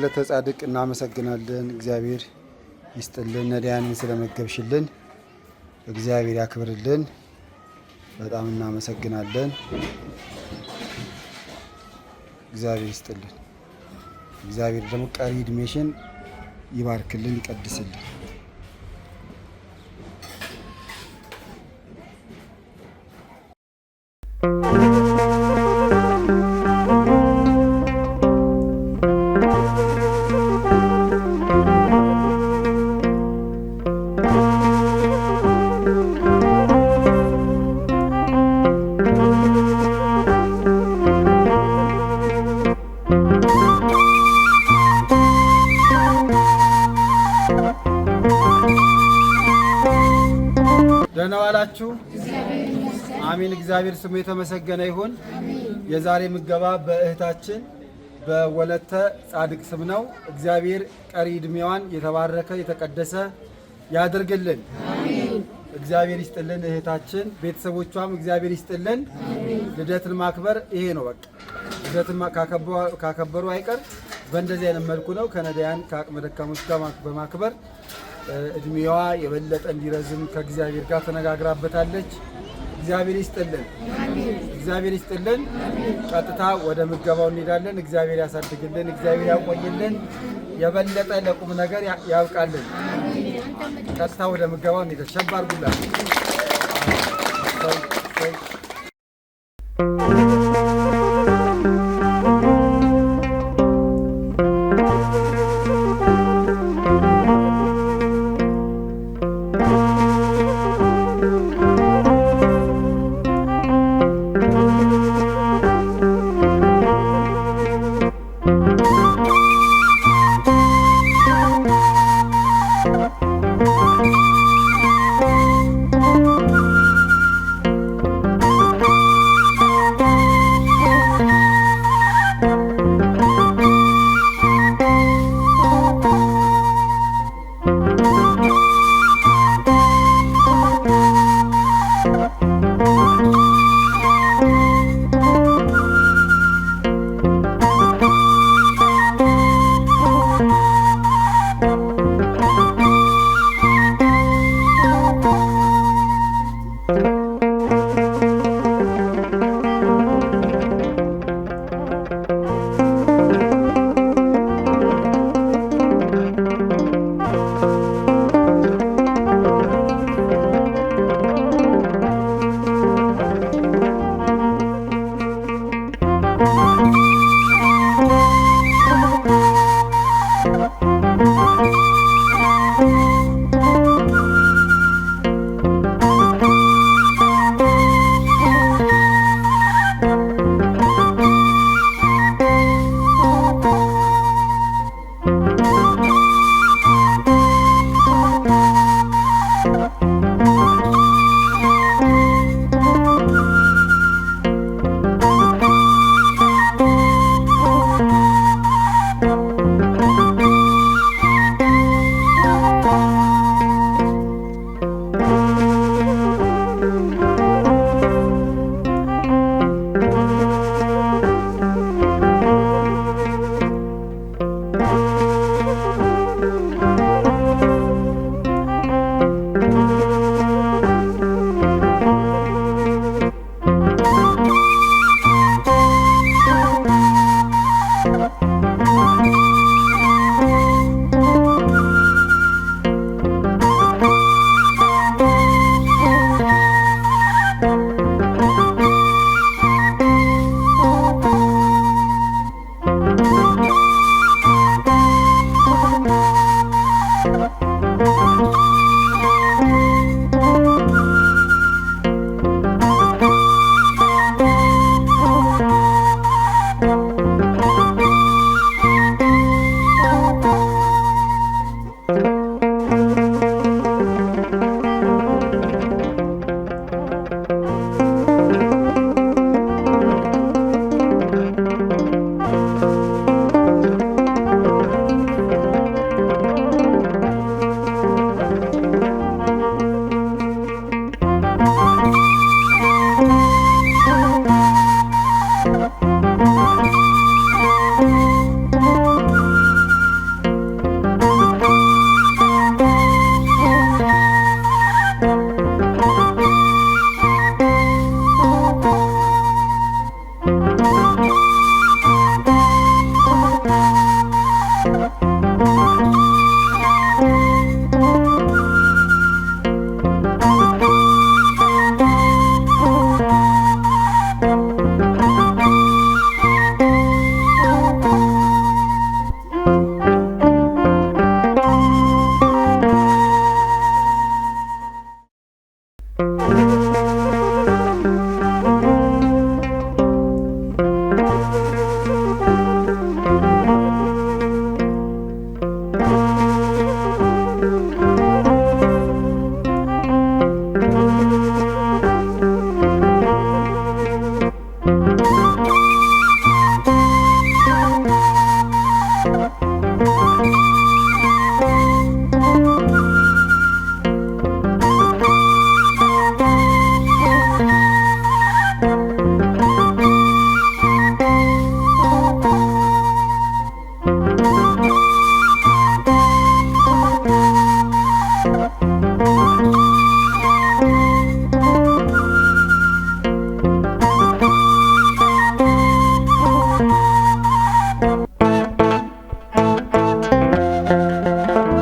ወለተ ጻድቅ እናመሰግናለን። እግዚአብሔር ይስጥልን። ነዳያንን ስለመገብሽልን እግዚአብሔር ያክብርልን። በጣም እናመሰግናለን። እግዚአብሔር ይስጥልን። እግዚአብሔር ደግሞ ቀሪ እድሜሽን ይባርክልን፣ ይቀድስልን። thank ደህና ዋላችሁ። አሜን። እግዚአብሔር ስሙ የተመሰገነ ይሁን። የዛሬ ምገባ በእህታችን በወለተ ጻድቅ ስም ነው። እግዚአብሔር ቀሪ እድሜዋን የተባረከ የተቀደሰ ያደርግልን። እግዚአብሔር ይስጥልን እህታችን፣ ቤተሰቦቿም እግዚአብሔር ይስጥልን። ልደትን ማክበር ይሄ ነው በቃ ልደትን ካከበሩ አይቀር በእንደዚህ አይነት መልኩ ነው ከነዳያን ከአቅመ ደካሞች ጋር በማክበር እድሜዋ የበለጠ እንዲረዝም ከእግዚአብሔር ጋር ተነጋግራበታለች። እግዚአብሔር ይስጥልን፣ እግዚአብሔር ይስጥልን። ቀጥታ ወደ ምገባው እንሄዳለን። እግዚአብሔር ያሳድግልን፣ እግዚአብሔር ያቆይልን፣ የበለጠ ለቁም ነገር ያብቃልን። ቀጥታ ወደ ምገባው እንሄዳለን። ሸባር ጉላ